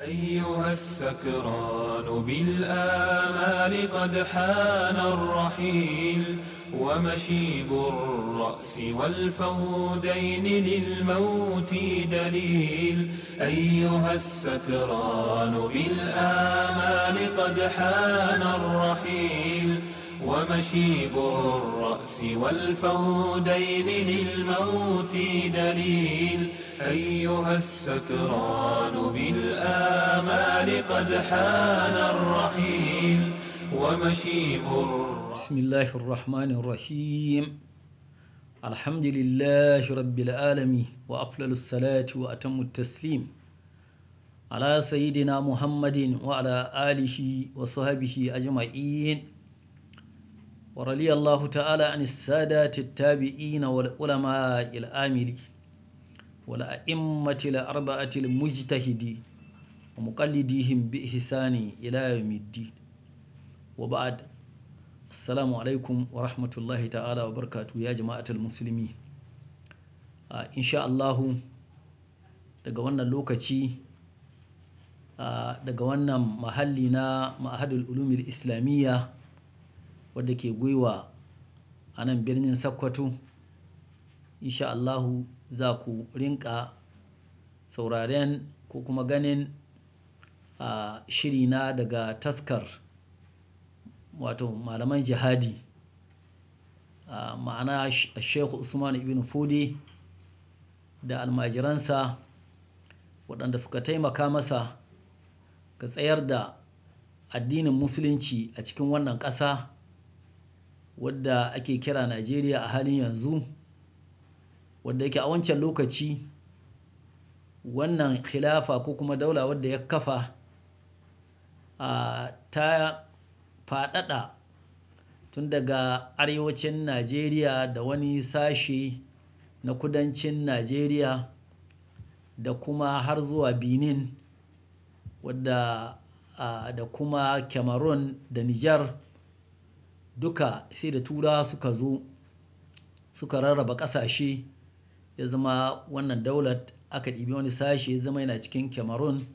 أيها السكران بالآمال قد حان الرحيل ومشيب الرأس والفودين للموت دليل أيها السكران بالآمال قد حان الرحيل ومشيب الرأس والفودين للموت دليل أيها السكران بالآمال قد حان الرحيل ومشيب بسم الله الرحمن الرحيم الحمد لله رب العالمين وأفضل الصلاة وأتم التسليم على سيدنا محمد وعلى آله وصحبه أجمعين ورضي الله تعالى عن السادة التابعين والعلماء العاملين والأئمة الأربعة المجتهدين ومقلديهم بإحسان إلى يوم الدين وبعد السلام عليكم ورحمة الله تعالى وبركاته يا جماعة المسلمين آه إن شاء الله daga wannan lokaci daga wannan mahalli na ma'ahadul ulumil islamiyya wadda ke gwiwa a nan birnin sakkwato Insha Allahu za ku rinƙa sauraren ko kuma ganin, shiri shirina daga taskar wato malaman jihadi. a ma'ana Sheikh Usman Ibn fudi da almajiransa waɗanda suka taimaka masa ga tsayar da addinin Musulunci a cikin wannan ƙasa. wadda ake kira najeriya a halin yanzu wadda yake a wancan lokaci wannan khilafa ko kuma daula wadda ya kafa a ta faɗaɗa tun daga arewacin najeriya da wani sashe na kudancin najeriya da kuma har zuwa benin wadda da kuma cameroon da nijar duka sai da tura suka zo suka rarraba ƙasashe ya zama wannan daular aka ɗibi wani sashe ya zama yana cikin cameroon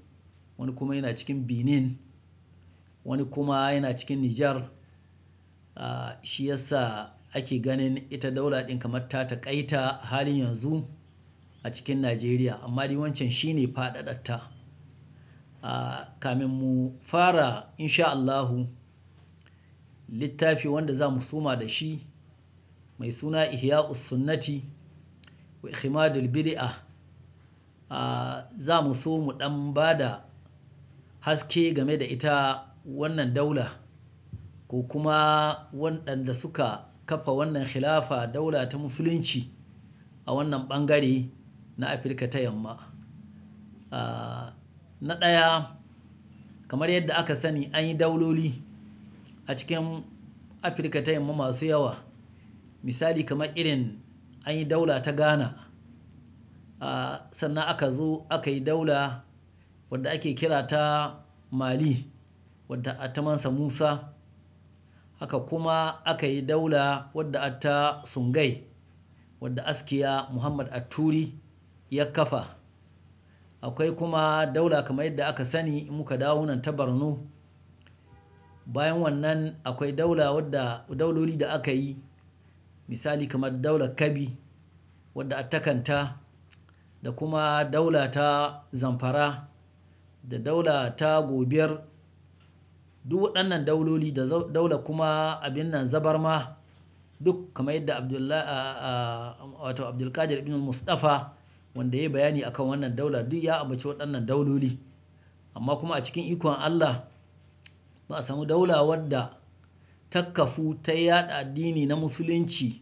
wani kuma yana cikin benin wani kuma yana cikin nijar ah, shi yasa ake ganin ita daula ɗin kamar ta taƙaita halin yanzu a cikin najeriya amma dai wancan shine faɗaɗata ta ah, kamin mu fara inshaAllahu. littafi wanda za mu suma da shi mai suna ihya sunnati wa ikhmadul bid'a za mu so mu dan ba da haske game da ita wannan daula ko kuma waɗanda suka kafa wannan khilafa daula ta musulunci a wannan ɓangare na afirka ta yamma na ɗaya kamar yadda aka sani an yi dauloli a cikin afirka ta yamma masu yawa misali kamar irin an yi daula ta ghana sannan aka zo aka yi daula wadda ake kira ta mali wadda a tamansa musa haka kuma aka yi daula wadda a ta sungai wadda askiya muhammad atturi ya kafa akwai kuma daula kamar yadda aka sani in muka dawo nan ta barno. bayan wannan akwai daula wadda dauloli da aka yi misali kamar daula kabi wadda a takanta da kuma daula ta zamfara da daula ta gobiyar duk waɗannan dauloli da daula kuma abin nan zabarma duk kamar yadda wato abdulkadir ibn mustafa wanda ya bayani akan wannan daula duk ya ambaci waɗannan dauloli amma kuma a cikin ikon allah ba a samu daula wadda ta kafu ta yada addini na musulunci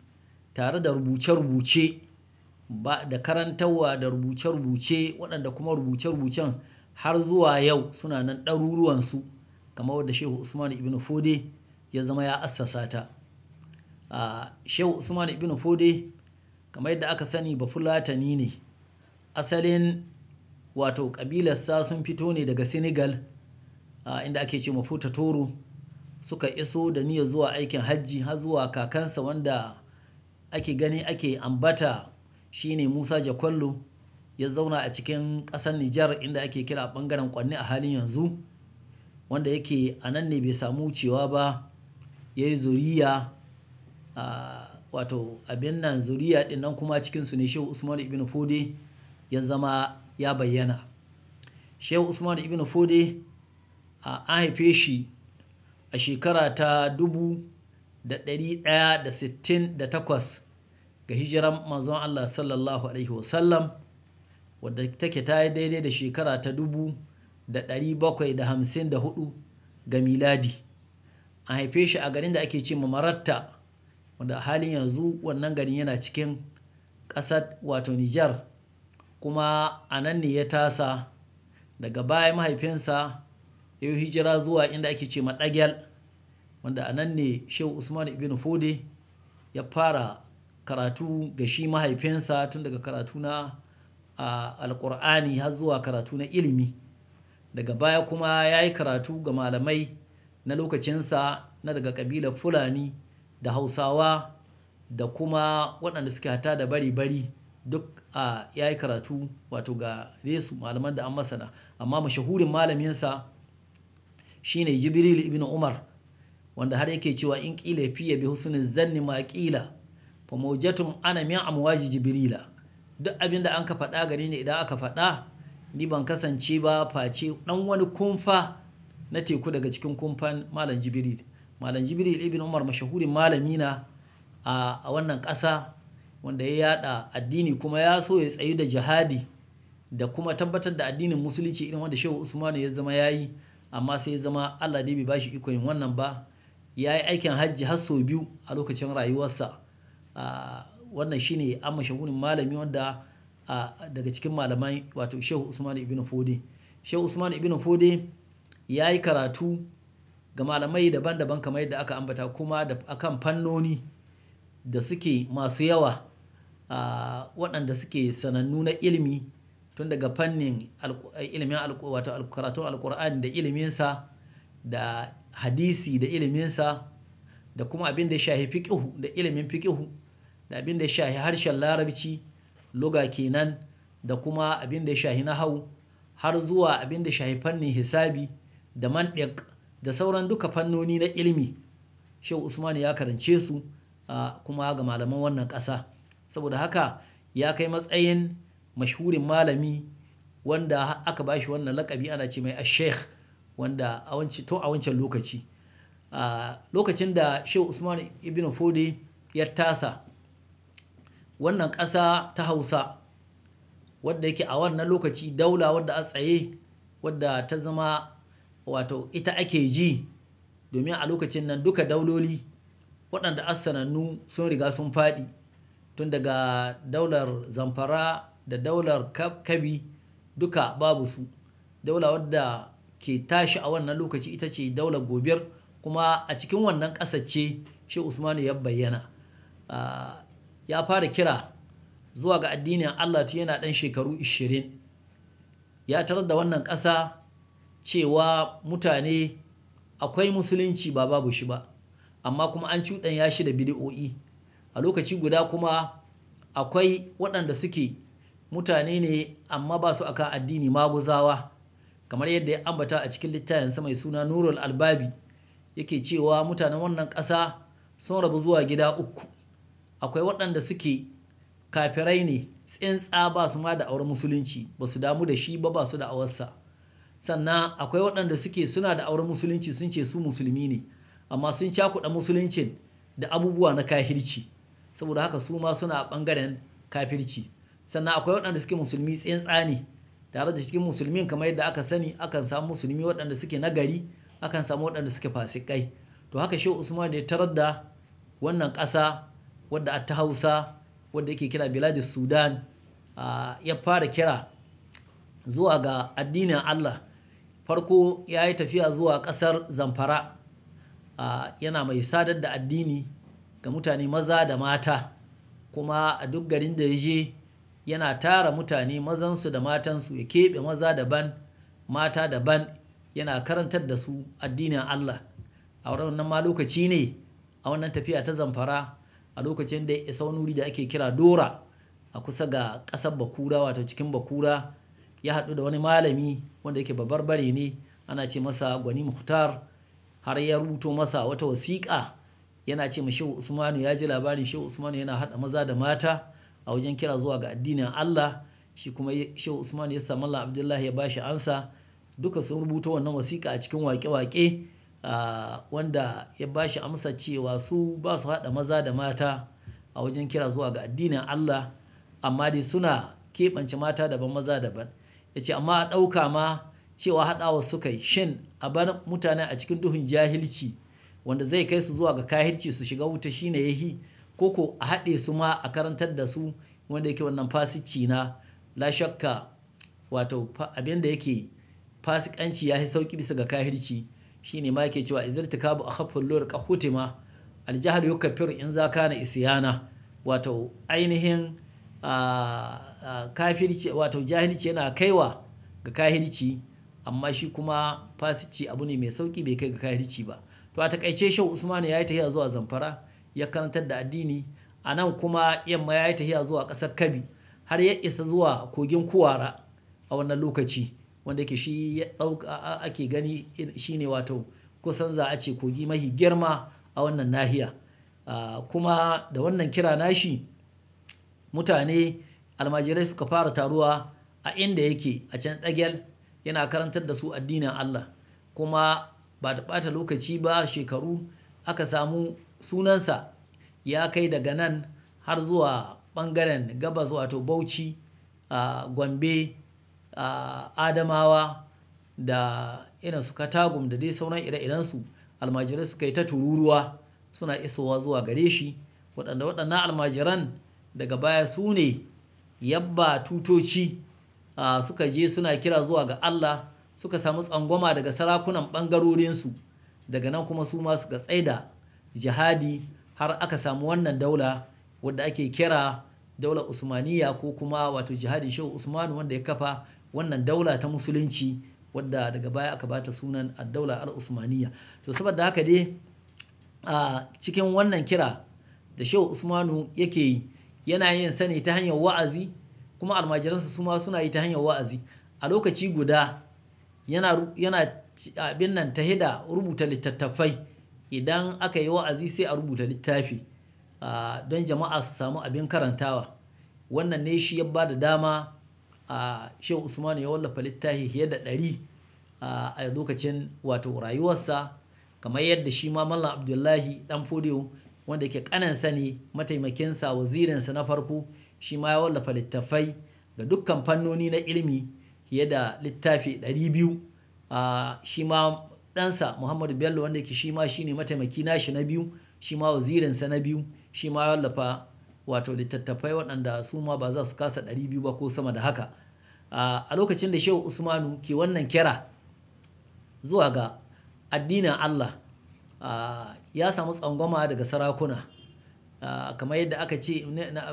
tare da rubuce-rubuce ba da karantarwa da rubuce-rubuce waɗanda kuma rubuce-rubucen har zuwa yau suna nan ɗaruruwansu kamar wadda shehu usman ibn fode ya zama ya assasa ta shehu usman ibn fode kamar yadda aka sani ba fulatani ne asalin wato ƙabilarsa sun fito ne daga senegal inda ake ce mafuta toro suka iso da niyyar zuwa aikin hajji har zuwa kakansa wanda ake gani ake ambata shine Musa Jakwallo ya zauna a cikin ƙasar Nijar inda ake kira bangaren kwanni a halin yanzu wanda yake a nan ne bai samu cewa ba ya yi zuriya wato abin nan zuriya ɗin nan kuma cikinsu ne Shehu Usman Ibn Fode ya zama ya bayyana Shehu Usman Ibn Fode A haife shi a shekara ta dubu ɗaya da sittin da takwas ga hijiran manzon Allah sallallahu Alaihi wasallam wadda take ta yi daidai da shekara ta dubu bakwai da hamsin da hudu ga miladi A haife shi a garin da ake ce mamaratta wadda halin yanzu wannan garin yana cikin ƙasar wato Nijar kuma a nan ne ya tasa daga baya mahaifinsa ya yi hijira zuwa inda ake ce madagyal wanda a nan ne shehu usman ibn fode ya fara karatu ga shi mahaifinsa tun daga karatu na alƙur'ani har zuwa karatu na ilimi daga baya kuma ya yi karatu ga malamai na lokacinsa na daga ƙabilar fulani da hausawa da kuma waɗanda suke hata da bari-bari duk a ya yi karatu wato ga resu malaman da an masana amma mashahurin malaminsa shine jibril ibn umar wanda har yake cewa in ƙila ya bi husnin zanni ma kila fa mawjatun ana min amwaji jibrila duk abin da an ka faɗa gare ni idan aka faɗa ni ban kasance ba face dan wani kumfa na teku daga cikin kumfan malam jibril malam jibril ibn umar mashahurin malami na a wannan ƙasa wanda ya yada addini kuma ya so ya tsayi da jihadi da kuma tabbatar da addinin musulunci irin wanda shehu usmanu ya zama yayi amma sai zama Allah ne bai ba shi ikon wannan ba ya yi aikin hajji har sau biyu a lokacin rayuwarsa ah, wannan shine an mashahurin malami wanda ah, daga cikin malamai wato shehu usman ibn fode shehu usman ibn fode ya yi karatu ga malamai daban-daban kamar yadda aka ambata kuma da akan fannoni da suke masu yawa ah, waɗanda suke sanannu na ilimi tun daga fannin eh, ilimin wato karatun alkur'ani da iliminsa da hadisi da iliminsa da kuma abin da ya shahi fiqihu da ilimin fiqihu da abin da shahi harshen larabci loga kenan da kuma abin da ya shahi nahau har zuwa abin da shahi fannin hisabi da mantiq da sauran duka fannoni na ilimi shehu usman ya karance su ah, kuma ga malaman wannan ƙasa saboda haka ya kai matsayin mashhurin malami wanda aka bashi wannan lakabi ana ce mai ash-sheikh wanda to a wancan lokaci a lokacin da shehu Usman ibn Fode ya tasa wannan ƙasa ta Hausa wadda yake a wannan lokaci daula wadda a tsaye wadda ta zama wato ita ake ji domin a lokacin nan duka dauloli waɗanda sanannu sun riga sun faɗi tun daga daular zamfara da daular kabi duka babu su daula wadda ke tashi a wannan lokaci ita ce daular gobiyar kuma a cikin wannan ƙasar shi usmanu ya bayyana ah, ya fara kira zuwa ga addinin allah tu yana ɗan shekaru 20 ya tarar da wannan ƙasa cewa mutane akwai musulunci ba babu shi ba amma kuma an cuɗanya shi da bidi'o'i a lokaci guda kuma akwai waɗanda suke mutane ne amma ba su akan addini maguzawa kamar yadda ya ambata a cikin sa mai suna nurul albabi yake cewa mutanen wannan ƙasa sun rabu zuwa gida uku akwai waɗanda suke kafirai ne tsintsa ba su ma da auren musulunci ba su damu da shi ba ba su da awarsa sannan akwai waɗanda suke suna da auren musulunci sun ce su musulmi ne amma sun cakuɗa musuluncin da abubuwa na kahirci saboda haka su ma suna ɓangaren kafirci sannan akwai waɗanda suke musulmi tsayin tsani tare da cikin musulmin kamar yadda aka sani akan samu musulmi waɗanda suke nagari akan samu waɗanda suke fasikai to haka shehu usman da ya tarar da wannan ƙasa wadda a ta hausa wadda yake kira biladis sudan ya fara kira zuwa ga addinin allah farko ya yi tafiya zuwa ƙasar zamfara yana mai sadar da addini ga mutane maza da mata kuma a duk garin da ya je yana tara mutane mazansu da matansu ya keɓe maza daban mata daban yana karantar da su addinin Allah a wannan ma lokaci ne a wannan tafiya ta zamfara a lokacin da ya isa wani wuri da ake kira dora a kusa ga ƙasar bakura wato cikin bakura ya haɗu da wani malami wanda yake babbar bare ne ana ce masa gwani muhtar har ya rubuto masa wata wasiƙa yana ce ma shehu usmanu ya ji labarin shehu usmanu yana haɗa maza da mata a wajen kira zuwa ga addinin Allah shi kuma Shehu Usman ya samu Allah Abdullahi ya bashi ansa duka sun rubuta wannan wasiƙa a cikin waƙe wake wanda ya bashi amsa cewa su ba su haɗa maza da mata a wajen kira zuwa ga addinin Allah amma dai suna keɓance mata daban maza daban ya ce amma a ɗauka ma cewa haɗawa suka yi shin a bar mutane a cikin duhun jahilci wanda zai kai su zuwa ga kahilci su shiga wuta shine yahi Koko a haɗe su ma a karantar da su wanda yake wannan fasici na la shakka wato abin da yake fasikanci ya yi sauki bisa ga kahirci shine ma yake cewa izirta kabu a khaffin lura kahuti ma aljahar yau kafiru in za ka na isiyana wato ainihin kafirci wato jahilci yana kaiwa ga kahirci amma shi kuma fasici abu ne mai sauki bai kai ga kahirci ba to a takaice shan usman ya yi tahiya zuwa zamfara ya karantar da addini a nan kuma yamma ya yi tahiya zuwa ƙasar kabi har ya isa zuwa kogin kuwara a wannan lokaci wanda ke shi ake gani shi ne wato kusan za a ce kogi mahi girma a wannan nahiya kuma da wannan kira nashi mutane almajirai suka fara taruwa a inda yake a can ɗagel yana karantar da su addinin Allah kuma ba da ɓata lokaci ba shekaru aka samu sunansa ya kai daga nan har zuwa ɓangaren gabas wato bauchi a gombe a adamawa da irin su katagum da dai sauran ire-irensu almajirai suka yi ta tururuwa suna isowa zuwa gare shi waɗanda waɗannan almajiran daga baya su ne yabba tutoci suka je suna kira zuwa ga Allah suka samu tsangwama daga sarakunan ɓangarorinsu daga nan kuma su ma suka tsaida jihadi har aka samu wannan daula wadda ake kira daula usmaniya ko kuma wato jihadi shehu usman wanda ya kafa wannan daula ta musulunci wadda daga baya aka bata sunan daula al-usmaniya to saboda haka dai a cikin wannan kira da shehu usmanu yake yi yana yin sani ta hanyar wa'azi kuma almajiransa su ma suna yi ta hanyar wa'azi a lokaci guda yana abin nan ta hida rubuta littattafai idan aka yi wa'azi sai a rubuta littafi don jama'a su samu abin karantawa wannan ne shi ya ba da dama a shehu usman ya wallafa littafi fiye da ɗari a lokacin wato rayuwarsa kamar yadda shi ma mallam abdullahi dan fodiyo wanda yake kanansa ne mataimakinsa wazirinsa na farko shi ma ya wallafa littafai ga dukkan fannoni na ilimi fiye da littafi 200 shi ma ɗansa muhammadu bello wanda ke shi ma shi ne mataimaki nashi na biyu shi ma wazirinsa na biyu shi ma wallafa wato littattafai waɗanda su ma ba za su kasa ɗari biyu ba ko sama da haka a lokacin da shehu usmanu ke wannan kira zuwa ga addinin allah ya samu tsangwama daga sarakuna kamar yadda aka ce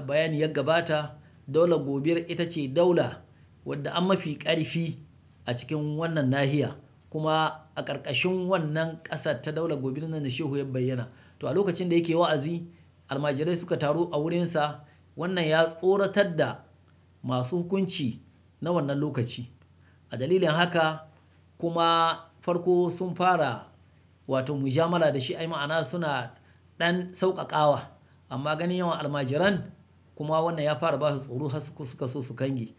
bayani ya gabata daular gobiyar ita ce daula wadda an mafi ƙarfi a cikin wannan nahiya kuma a ƙarƙashin wannan ƙasa ta daular gobe nan da shehu ya bayyana to a lokacin da yake wa'azi almajirai suka taru a wurinsa wannan ya tsoratar da masu hukunci na wannan lokaci a dalilin haka kuma farko sun fara wato mujamala da shi ai ma'ana suna ɗan sauƙaƙawa amma ganin yawan almajiran kuma wannan ya fara ba su tsoro har suka so su kange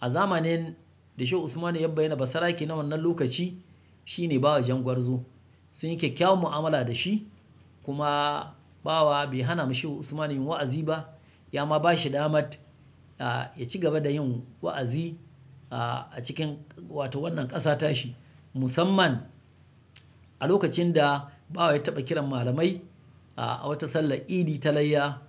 a zamanin da shi usmanu ya bayyana basaraki na wannan lokaci Shi ne bawa jan gwarzo sun yi kyakkyawan mu'amala da shi kuma bawa bai hana mashi usman yin wa'azi ba ya ma ba shi damar ya ci gaba da yin wa'azi a cikin wato wannan ƙasa tashi musamman a lokacin da bawa ya taɓa kiran malamai a wata sallar idi ta layya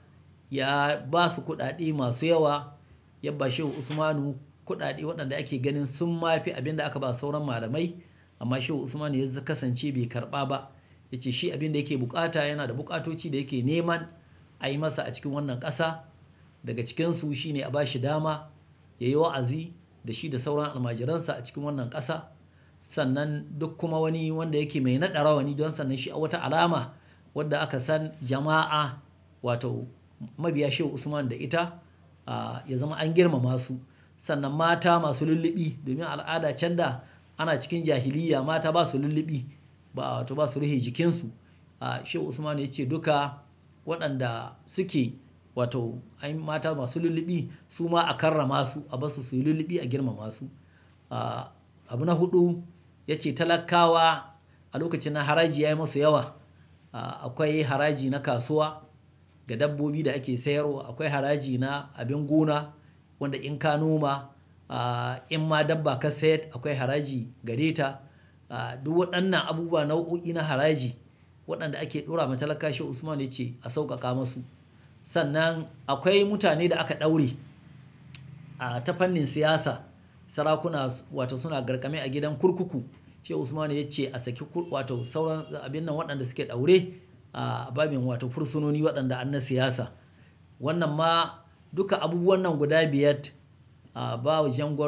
ya ba su kuɗaɗe masu yawa ya ba shehu usmanu kuɗaɗe waɗanda ake ganin sun mafi abinda aka ba sauran malamai amma shehu usman ya kasance bai karba ba ya ce shi abin da yake bukata yana da bukatoci da yake neman a yi masa a cikin wannan kasa daga cikinsu shi ne a ba shi dama ya yi wa'azi da shi da sauran almajiransa a cikin wannan kasa sannan duk kuma wani wanda yake mai naɗa rawani don sannan shi a wata alama wadda aka san jama'a wato mabiya shehu usman da ita ya zama an girmama su sannan mata masu lullubi domin al'ada can da ana cikin jahiliya mata ba su lullubi ba wato ba su rufe jikinsu a shi usman ya ce duka waɗanda suke wato an mata masu lullubi su ma a karrama su a basu su lullubi a girmama su abu na hudu ya ce talakawa a lokacin na haraji ya yi masu yawa akwai haraji na kasuwa ga dabbobi da ake sayarwa akwai haraji na abin gona wanda in ka noma in ma dabba ka sayar akwai haraji gare ta duk waɗannan abubuwa nau'o'i na haraji waɗanda ake ɗora ma talaka shi usman ya ce a sauƙaƙa masu sannan akwai mutane da aka ɗaure a ta fannin siyasa sarakuna wato suna garkame a gidan kurkuku shi usman ya ce a saki wato sauran abin nan waɗanda suke ɗaure a babin wato fursunoni waɗanda an na siyasa wannan ma duka abubuwan nan guda biyar Ah, ba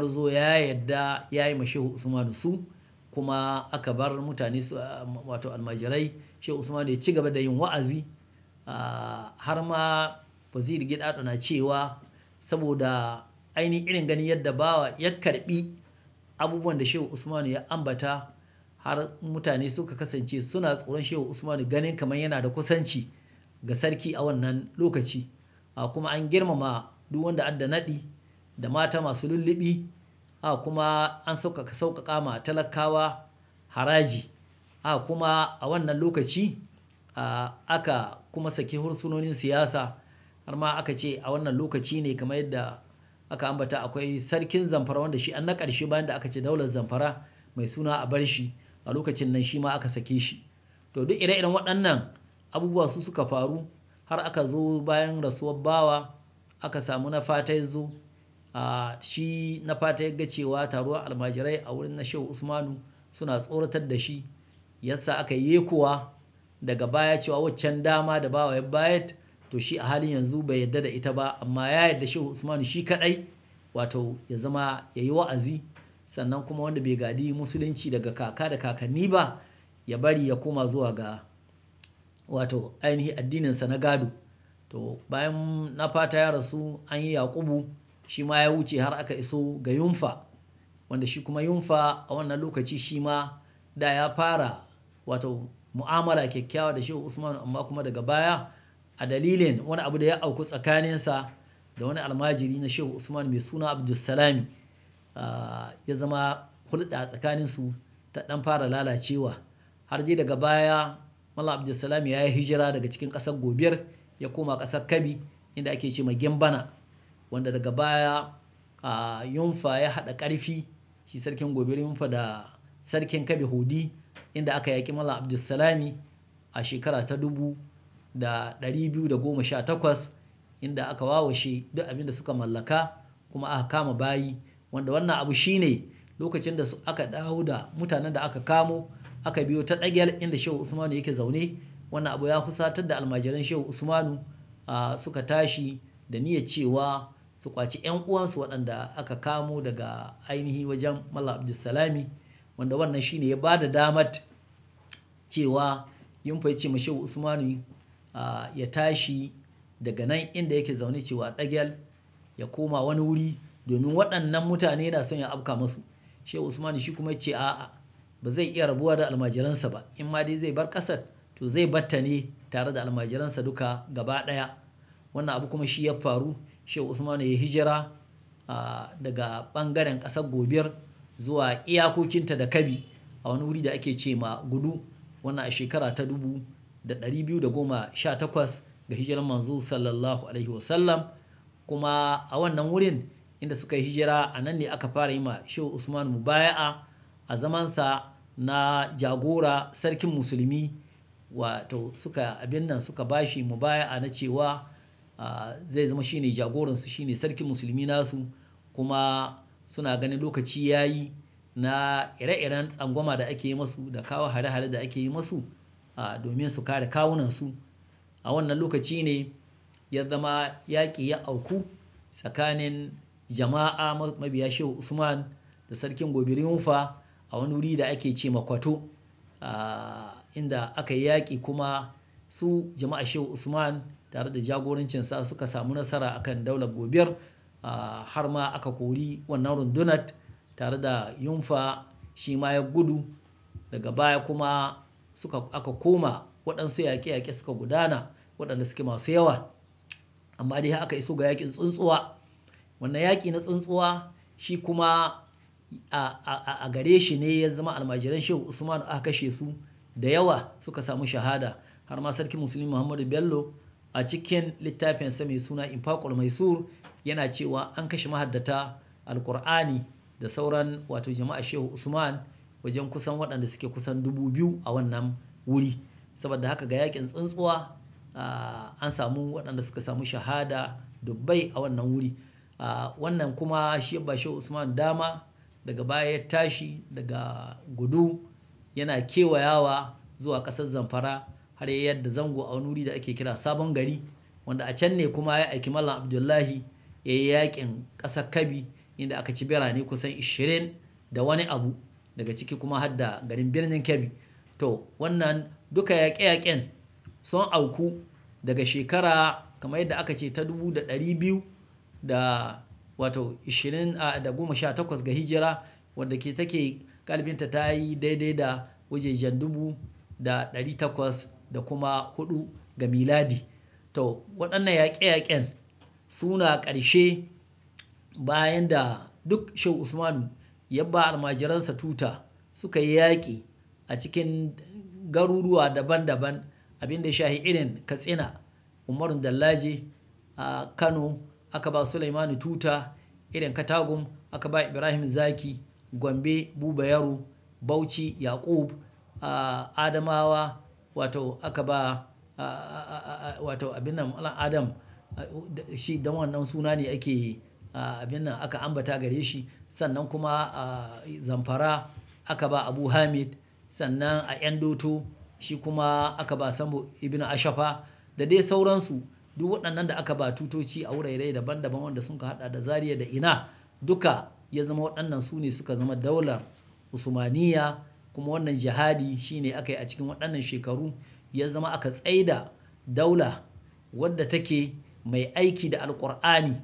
zo ya yadda ya yi shehu usman su kuma aka bar mutane su ah, wato almajirai shehu usman ya ci gaba da yin wa'azi ah, har ma waziri gidado na cewa saboda ainihin irin ganin yadda bawa ya karbi abubuwan da shehu usman ya ambata har mutane suka kasance suna tsoron shehu usman ganin kamar yana da kusanci ga sarki a wannan lokaci kuma an girmama duk wanda adda naɗi da mata masu lullubi a kuma an sauƙaƙa ma talakawa haraji a kuma a wannan lokaci aka kuma saki hursunonin siyasa har ma aka ce a wannan lokaci ne kamar yadda aka ambata akwai sarkin zamfara wanda shi an na ƙarshe bayan da aka ce daular zamfara mai suna a bar shi a lokacin nan shi ma aka sake shi to duk ire-iren waɗannan abubuwa su suka faru har aka zo bayan rasuwar bawa aka samu na fatai zo a shi na fata ya ga cewa taruwar almajirai a wurin na shehu usmanu suna tsoratar da shi yasa aka yi kuwa daga baya cewa waccan dama da bawa ya bayat to shi a halin yanzu bai yadda da ita ba amma ya yadda shehu usmanu shi kadai wato ya zama ya yi wa'azi sannan kuma wanda bai gadi musulunci daga kaka da kakanni ba ya bari ya koma zuwa ga wato ainihi addininsa na gado to bayan na fata ya rasu an yi yaƙubu shi ma ya wuce har aka iso ga yunfa wanda shi kuma yunfa a wannan lokaci shi ma da ya fara wato mu'amala kyakkyawa da shehu usman amma kuma daga baya a dalilin wani abu da ya auku tsakaninsa da wani almajiri na shehu usman mai suna abdulsalami ya zama hulɗa tsakaninsu ta ɗan fara lalacewa har dai daga baya mala abdulsalami ya yi hijira daga cikin ƙasar gobiyar ya koma ƙasar kabi inda ake ce ma gembana wanda daga baya a yunfa ya haɗa ƙarfi shi sarkin gobe yunfa da sarkin kabe hudi inda aka yaƙi mala abdulsalami a shekara ta dubu da ɗari biyu da goma sha takwas inda aka wawashe duk abin da suka mallaka kuma aka kama bayi wanda wannan abu shine lokacin da aka dawo da mutanen da aka kamo aka biyo ta ɗagiyar inda shehu usmanu yake zaune wannan abu ya husatar da almajiran shehu usmanu suka tashi da niyyar cewa su kwaci 'yan uwansu waɗanda aka kamo daga ainihi wajen mala Abdulsalami wanda wannan shine ya ba da damar cewa yin ya ce mashi Usmanu ya tashi daga nan inda yake zaune cewa ɗagel ya koma wani wuri domin waɗannan mutane na son ya afka masu shehu usman shi kuma ce a'a ba zai iya rabuwa da almajiransa ba in ma dai zai bar ƙasar to zai batta ne tare da almajiransa duka gaba ɗaya wannan abu kuma shi ya faru shehu usman ya hijira daga bangaren ƙasar gobiyar zuwa iyakokinta da kabi a wani wuri da ake ce ma gudu wannan a shekara ta dubu da dari biyu da goma sha takwas ga hijirar manzo sallallahu alaihi wasallam kuma a wannan wurin inda suka yi hijira a nan ne aka fara yi ma shehu usman mubaya'a a zamansa na jagora sarkin musulmi wato suka abin nan suka bashi mubaya'a na cewa Ah, zai zama shine jagoransu shine sarkin musulmi nasu kuma suna ganin lokaci ya yi na ire-iren tsangwama da ake yi masu da kawo hare-hare da ake yi masu ah, domin su kare kawunansu a wannan lokaci ne ya zama yaƙi ya auku tsakanin jama'a mabiya shehu usman da sarkin gobirin wufa a wani wuri da ake ce makwato ah, inda aka yi yaƙi kuma su jama'a shehu usman tare da jagorancinsa suka samu nasara akan daular gobiyar har ma aka kori wannan rundunar tare da yunfa shi ma ya gudu daga baya kuma suka aka koma waɗansu yaƙe-yaƙe suka gudana waɗanda suke masu yawa amma dai aka iso ga yaƙin tsuntsuwa wannan yaƙi na tsuntsuwa shi kuma a gare shi ne ya zama almajiran shehu usman aka kashe su da yawa suka samu shahada har ma sarki musulmi muhammadu bello a cikin littafinsa mai suna infaqul maisur yana cewa an kashe mahaddata alkur'ani da sauran wato jama'a shehu usman wajen kusan waɗanda suke kusan dubu biyu a wannan wuri saboda haka ga yakin tsuntsuwa an samu waɗanda suka samu shahada dubbai a wannan wuri wannan kuma shi ba usman dama daga baya ya tashi daga gudu yana kewayawa zuwa ƙasar zamfara har ya yadda zango a wani da ake kira sabon gari wanda a can ne kuma ya aiki mallam abdullahi ya yi yakin ƙasar kabi inda aka ci birane kusan 20 da wani abu daga ciki kuma har garin birnin kabi to wannan duka yaƙe-yaƙen sun auku daga shekara kamar yadda aka ce ta dubu da wato takwas ga hijira wadda ke take kalbinta ta yi daidai da wajejen dubu da 800 da kuma hudu ga miladi to waɗannan yaƙe-yaƙen suna ƙarshe bayan da duk shehu usman ya ba almajiransa tuta suka yi yaƙi a cikin garuruwa daban-daban abinda shahi irin katsina umarun dallaji a kano aka ba sulaimani tuta irin katagum aka ba ibrahim zaki gombe buba yaro bauchi yakub adamawa wato aka ba wato abin nan adam shi dan wannan suna ne ake abin nan aka ambata gare shi sannan kuma a zamfara aka ba abu hamid sannan a yan doto shi kuma aka ba sambo ibn ashafa da dai sauransu duk waɗannan da aka ba tutoci a wurare daban-daban wanda sun ka hada da zariya da ina duka ya zama waɗannan su ne suka zama daular usmaniya kuma wannan jihadi shine aka yi a cikin waɗannan shekaru ya zama aka tsaida daula wadda take mai aiki da alƙur'ani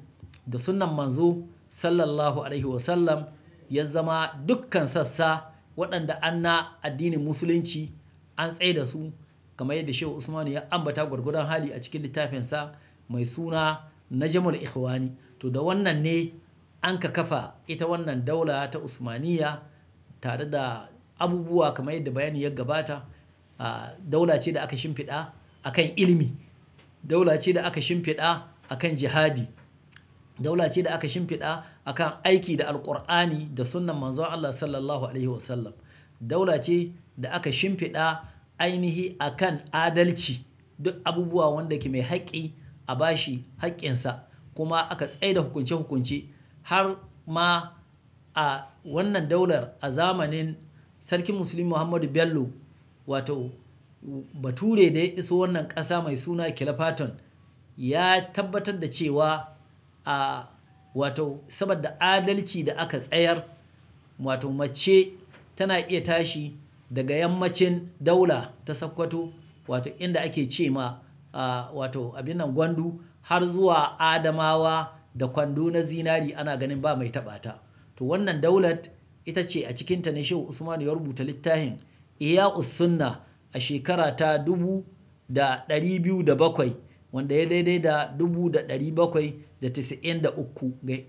da sunan manzo sallallahu alaihi wasallam ya zama dukkan sassa waɗanda an na addinin musulunci an tsaida su kamar yadda shehu Usman ya ambata gwargwadon hali a cikin littafinsa mai suna na jamal ikhwani to da wannan ne an ka kafa ita wannan daula ta usmaniya tare da abubuwa kamar yadda bayani ya gabata daula ce da aka shimfiɗa akan ilimi daula ce da aka shimfiɗa akan jihadi daula ce da aka shimfiɗa akan aiki da alƙur'ani da sunan manzon Allah sallallahu alaihi wasallam daula ce da aka shimfiɗa ainihi akan adalci duk abubuwa wanda ke mai haƙƙi a bashi haƙƙinsa kuma aka tsaida hukunce-hukunce har ma a wannan daular a zamanin sarkin musulmi muhammadu bello wato bature da ya iso wannan ƙasa mai suna kilafaton ya tabbatar da cewa a wato saboda adalci da aka tsayar wato mace tana iya tashi daga yammacin daula ta sakkwato wato inda ake ce ma wato abin gwandu har zuwa adamawa da kwando na zinari ana ganin ba mai taɓata to wannan daular ita ce a cikinta ne shehu usman ya rubuta littafin iya usunna a shekara ta bakwai wanda ya daidai da da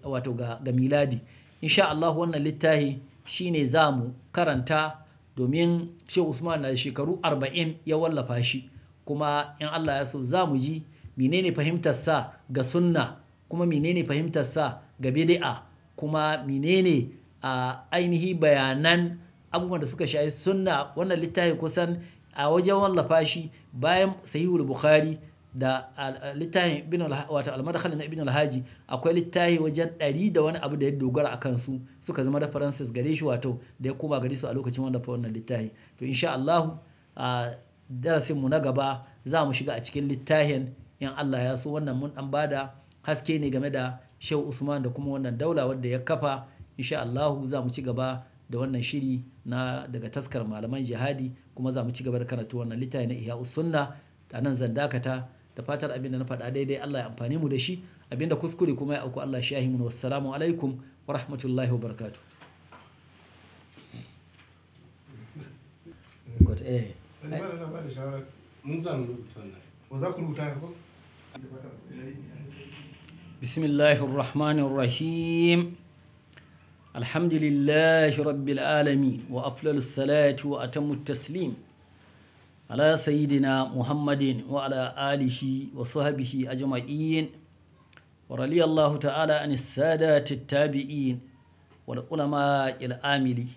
wato ga miladi insha Allah wannan littafi shine za mu karanta domin shehu usman na shekaru arba'in ya wallafa shi kuma in Allah ya so za mu ji menene fahimtarsa ga sunna kuma menene fahimtarsa ga bid'a kuma menene a ainihi bayanan abubuwan da suka shayi sunna wannan littafi kusan a wajen wallafa shi bayan sahihul bukhari da littafin ibn wato na ibn alhaji akwai littafi wajen ɗari da wani abu da ya dogara a kansu suka zama da references gare shi wato da ya koma gare su a lokacin wanda fa wannan littafi to insha Allah a darasin mu na gaba za mu shiga a cikin littafin in Allah ya so wannan mun dan bada haske ne game da Shehu Usman da kuma wannan daula wadda ya kafa insha Allahu za mu ci gaba da wannan shiri na daga taskar malaman jihadi kuma za mu ci gaba da karatu wannan littafi na Ihya'us Sunna a nan zan dakata da fatar abin da na faɗa daidai Allah ya amfane mu da shi abin da kuskure kuma ya auku Allah shahi mu wassalamu alaikum wa rahmatullahi wa barakatuh eh. الحمد لله رب العالمين وأفضل الصلاة وأتم التسليم على سيدنا محمد وعلى آله وصحبه أجمعين ورضي الله تعالى عن السادات التابعين والعلماء العاملين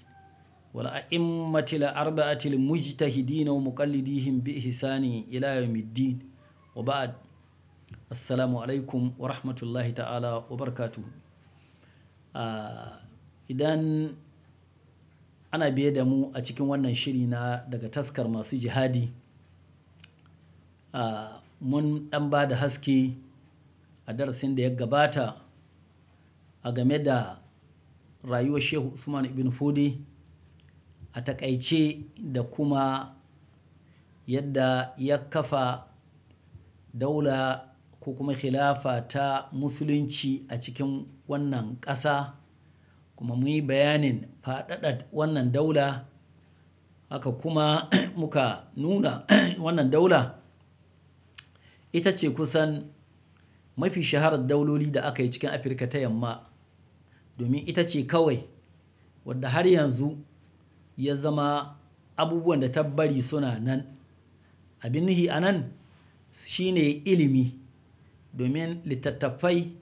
والأئمة الأربعة المجتهدين ومقلديهم بإحسان إلى يوم الدين وبعد السلام عليكم ورحمة الله تعالى وبركاته آه idan ana biye da mu a cikin wannan shiri na daga taskar masu jihadi ah, mun dan ba da haske a darasin da ya gabata a game da rayuwar shehu usman ibn fudi a takaice da kuma yadda ya kafa daula ko kuma khilafa ta musulunci a cikin wannan ƙasa kuma mun yi bayanin faɗaɗa wannan daula haka kuma muka nuna wannan daula ita ce kusan mafi shaharar dauloli da aka yi cikin afirka ta yamma domin ita ce kawai wadda har yanzu ya zama abubuwan da tabbari suna nan abin nuhi a nan shine ilimi domin littattafai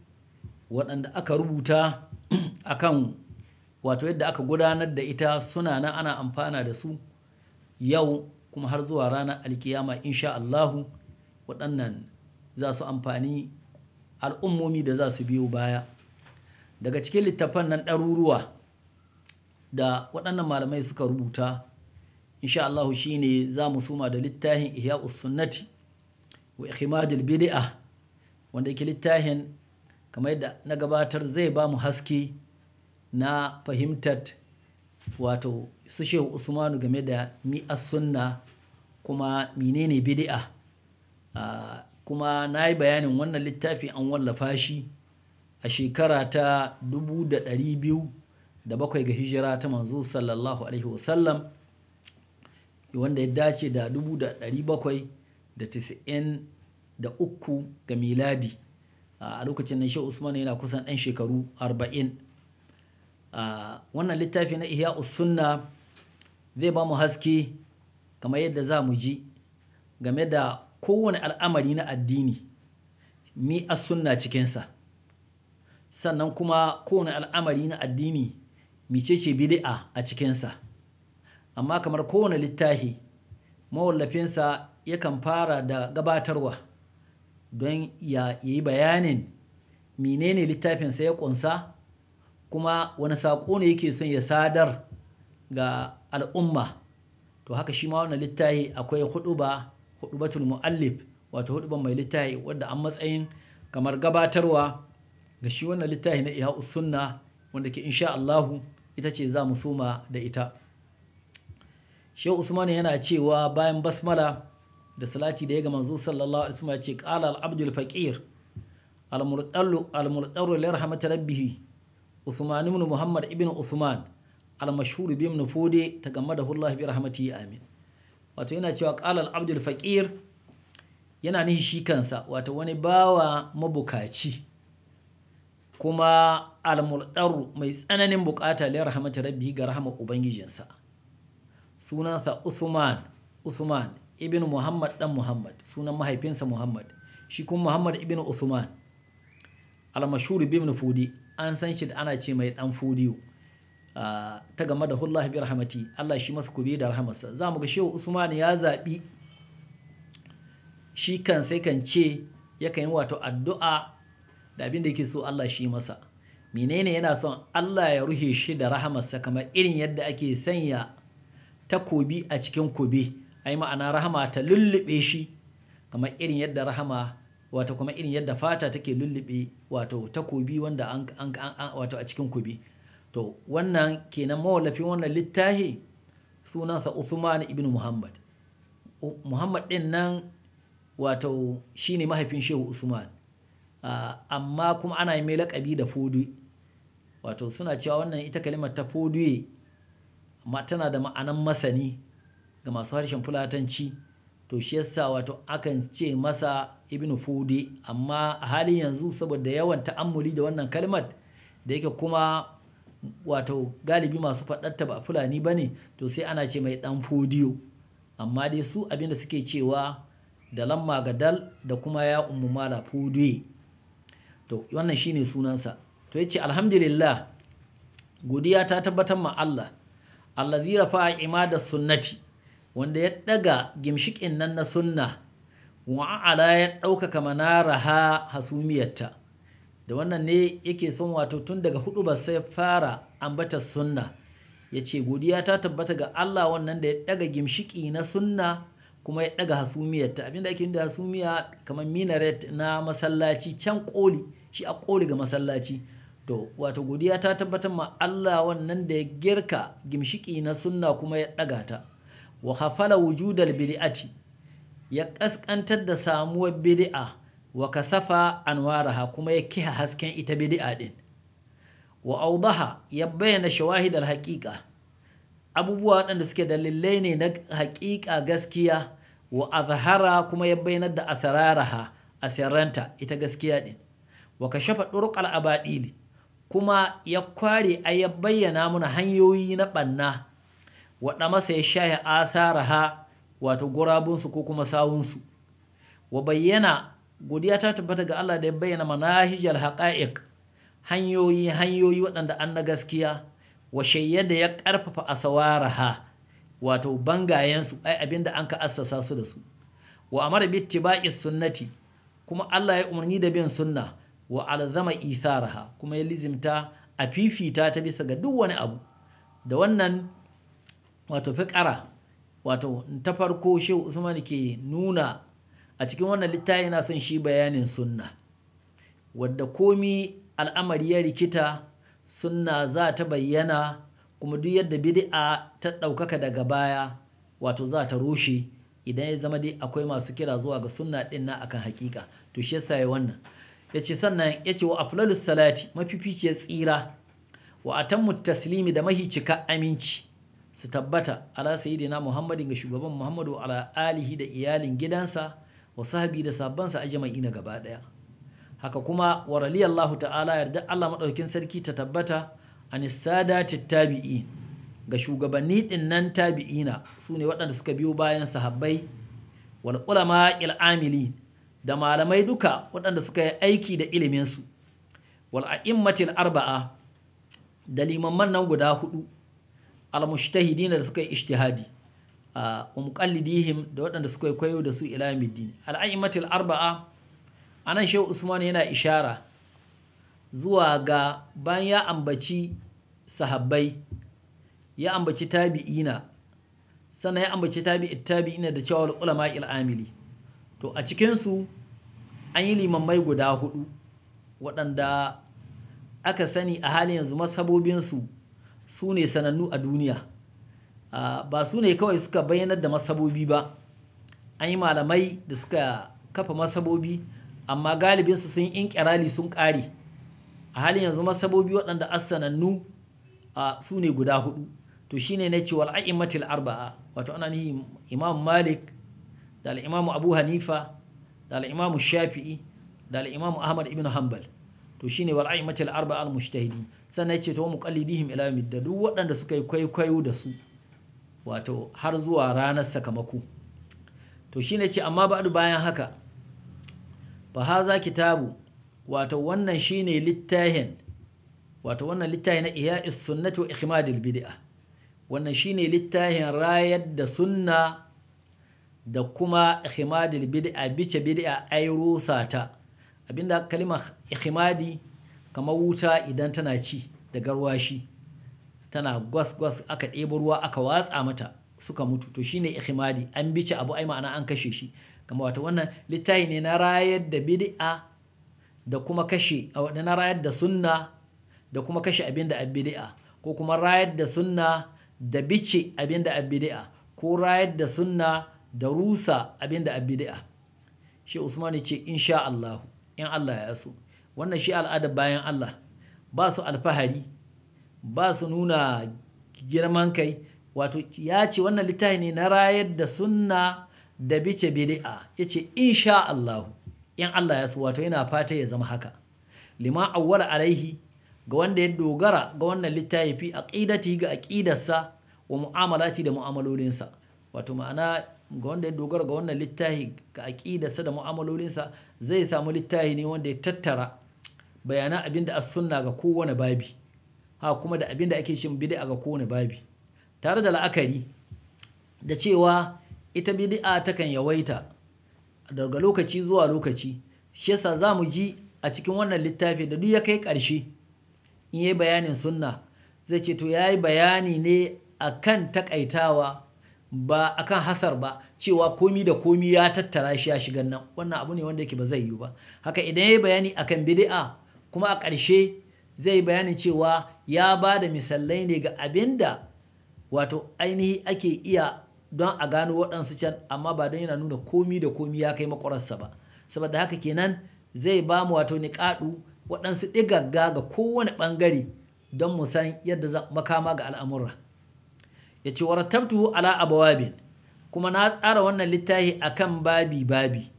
waɗanda aka rubuta akan wato yadda aka gudanar da ita suna nan ana amfana da su yau kuma har zuwa ranar alkiyama insha Allahu waɗannan za su amfani al'ummomi da za su biyo baya daga cikin littafan nan ɗaruruwa da waɗannan malamai suka rubuta insha Allahu ne za mu suma da littafin iya sunnati wa ikhmadul bid'a wanda yake littafin kamar yadda na gabatar zai ba mu haske na fahimtar wato su Shehu Usmanu game da mi sunna kuma menene bid'a kuma na yi bayanin wannan littafi an wallafa shi a shekara ta bakwai ga hijira ta manzo sallallahu alaihi wasallam wanda ya dace da 793 ga miladi a lokacin nan Shehu Usmanu yana kusan ɗan shekaru arba'in. wannan littafi na ihya sunna zai ba mu haske kamar yadda za mu ji game da kowane al'amari na addini mi a sunna cikinsa sannan kuma kowane al'amari na addini micece bid'a a cikinsa amma kamar kowane littafi mawallafinsa yakan fara da gabatarwa don ya yi bayanin menene littafinsa ya ƙunsa kuma wani saƙo ne yake son ya sadar ga al'umma to haka shi ma wannan littafi akwai huduba hudubatul muallif wato huduban mai littafi wadda an matsayin kamar gabatarwa ga shi wannan littafi na iya sunna wanda ke insha Allahu ita ce za mu soma da ita Shehu Usman yana cewa bayan basmala da salati da ya ga manzo sallallahu alaihi wasallam ya ce qala al-abdul faqir al-murtallu al murtaru li rahmatir Uthman ibn Muhammad ibn Uthman al-mashhur bi ibn Fude tagammadahu Allah bi rahmatihi amin wato yana cewa qala al-abd faqir yana nihi shi kansa wato wani bawa mabukaci kuma al-muldaru mai tsananin bukata li rahmati rabbi ga rahmar ubangijinsa sunansa Uthman Uthman ibn Muhammad dan Muhammad sunan mahaifinsa Muhammad shi kuma Muhammad ibn Uthman al-mashhur bi ibn Fude an san shi da ana ce mai dan fodiyo ah, ta game da hullahi bi rahmati Allah shi masa kube da rahamarsa za mu ga shehu usman ya zaɓi shi kan sai kan ce yakan yi wato addu'a da abin da yake so Allah shi masa menene yana son Allah ya ruhe shi da rahamarsa kamar irin yadda ake sanya takobi a cikin kube ai ma'ana rahama ta lullube shi kamar irin yadda rahama wato kuma irin yadda fata take lullube wato takobi wanda an, an, an wato a cikin kubi to wannan kenan mawallafin wannan littahi sunansa Uthman ibn Muhammad Muhammad din nan wato shine mahaifin Shehu Usman amma kuma ana yi mai laƙabi da fudu wato suna cewa wannan ita kalimar ta fudu amma tana da ma'anan masani ga masu harshen fulatanci to shi yasa wato akan ce masa ibn fudi amma a halin yanzu saboda yawan ta'ammuli da wannan kalmar da yake kuma wato galibi masu faɗarta ba fulani ba ne to sai ana ce mai ɗan fudiyo amma dai su abinda suke cewa da lamma ga dal da kuma ya ummu mala fudi to wannan shine sunansa to yace alhamdulillah godiya ta tabbatar ma Allah allazi rafa imada sunnati wanda ya ɗaga gimshikin nan na sunna wa'ala ya ɗaukaka manaraha hasumiyarta da wannan ne yake son wato tun daga hudu ba sai fara ambata sunna ya ce godiya ta tabbata ga Allah wannan da ya ɗaga gimshiki na sunna kuma ya ɗaga hasumiyarta abinda ake da hasumiya kamar minaret na masallaci can koli shi a koli ga masallaci to wato godiya ta tabbatar ma Allah wannan da ya girka gimshiki na sunna kuma ya ɗaga ta wa hafala wujudal bid'ati ya kaskantar da samuwar bid'a wa kasafa anwaraha kuma ya kiha hasken ita bid'a din wa audaha ya bayyana shawahidal haƙiƙa. abubuwa waɗanda suke dalilai ne na haƙiƙa gaskiya wa azhara kuma ya bayyana da asararaha asirranta ita gaskiya din wa kashafa durqal abadili kuma ya kware a ya bayyana muna hanyoyi na ɓanna. waɗa masa ya sha asara ha wato gurabunsu ko kuma sawunsu wa bayyana godiya ta tabbata ga Allah da ya bayyana manahijal haƙa'ik. hanyoyi hanyoyi waɗanda an na gaskiya wa da ya ƙarfafa ha wato bangayensu ai abinda an ka assasa su da su wa mara bi ittiba'i sunnati kuma Allah ya umarni da bin sunna wa alzama itharaha kuma ya lizimta a fifita ta bisa ga duk wani abu da wannan wato fikara wato ta farko shehu usman ke nuna a cikin wannan littafi yana son shi bayanin sunna wadda komi al'amari ya rikita sunna za ta bayyana kuma duk yadda bid'a ta ɗaukaka daga baya wato za ta rushe idan ya zama dai akwai masu kira zuwa ga sunna ɗin na akan hakika to shi yasa ya wannan ya ce sannan ya ce wa aflalus salati mafificiyar tsira wa atammu taslimi da mahi cika aminci su tabbata ala sayyidina muhammadin ga shugaban muhammadu ala alihi da iyalin gidansa wa sahabi da sabbansa na gaba daya haka kuma wa radiyallahu ta'ala yarda Allah madaukin sarki ta tabbata anisadatit tabi'i ga shugabanni dinnan tabi'ina su ne waɗanda suka biyo bayan sahabbai wal ulama il amili da malamai duka waɗanda suka yi aiki da iliminsu wal a'immatil arba'a da limamman nan guda hudu al-mujtahidin da suka yi ijtihadi wa muqallidihim da waɗanda suka koyo da su ila middin al-a'immatul arba'a anan shehu usman yana ishara zuwa ga ban ya ambaci sahabbai ya ambaci tabi'ina sannan ya ambaci tabi'it tabi'ina da cewa ulama amili to a cikinsu an yi limammai guda hudu waɗanda aka sani a halin yanzu masabobinsu su ne sanannu a duniya ba su ne kawai suka bayyanar da masabobi ba an yi malamai da suka kafa masabobi amma galibinsu sun yi inkirali sun kare a halin yanzu masabobi waɗanda sanannu su ne guda hudu to shine na cewa al'a'immatul arba'a wato ana ni imam malik da al'imamu abu hanifa da al'imamu shafi'i da al'imamu ahmad ibn hanbal to shine wal'a'immatul arba'a al-mujtahidi sannan ce to muqallidihim ila da duk waɗanda suka yi kwaikwayo da su wato har zuwa ranar sakamako to shine ce amma ba'du bayan haka fa haza kitabu wato wannan shine littahin wato wannan littahin na ihya'is sunnati wa ikhmadil bid'a wannan shine littahin rayar da sunna da kuma ikhmadil bid'a bice bid'a ay rusata abinda kalimar ikhmadi kamar wuta idan tana ci da garwashi tana gwas-gwas aka ɗebo ruwa aka watsa mata suka mutu to shine ikimadi an bice abu ai ma'ana an kashe shi kama wata wannan littafi ne na rayar da bid'a da kuma kashe na rayar da sunna da kuma kashe abin da abbidi'a ko kuma rayar da sunna da bice abin da abbidi'a ko rayar da sunna da rusa abin da abbidi'a shi usman ce insha Allah in Allah ya so wannan shi al'adar bayan Allah ba su alfahari ba su nuna girman kai wato ya ce wannan littafi ne na rayar da sunna da bice bid'a ya ce insha Allah in Allah ya so wato yana fata ya zama haka lima awwal alaihi ga wanda ya dogara ga wannan littafi fi aqidati ga aqidarsa wa mu'amalati da mu'amalolinsa wato ma'ana ga wanda ya dogara ga wannan littafi ga aqidarsa da mu'amalolinsa zai samu littafi ne wanda ya tattara bayanan abin da as sunna ga kowane babi ha kuma da abin da ake shin bid'a ga kowane babi tare da la'akari da cewa ita bid'a takan yawaita daga lokaci zuwa lokaci shi yasa za mu ji a cikin wannan littafi da duk ya kai ƙarshe in yi bayanin sunna zai ce to ya yi bayani ne akan takaitawa ba akan hasar ba cewa komi da komi ya tattara shi ya shiga nan wannan abu ne wanda yake ba zai yiwu ba haka idan ya yi bayani akan bid'a kuma a ƙarshe zai bayani cewa ya ba da misalai ne ga abin da wato ainihi ake iya don a gano waɗansu can amma ba don yana nuna komi da komi ya kai makwararsa ba saboda haka kenan zai ba mu wato niƙaɗu waɗansu ɗigagga ga kowane ɓangare don mu san yadda za makama ga al'amura ya ce warattabtuhu ala abawabin kuma na tsara wannan littafi akan babi babi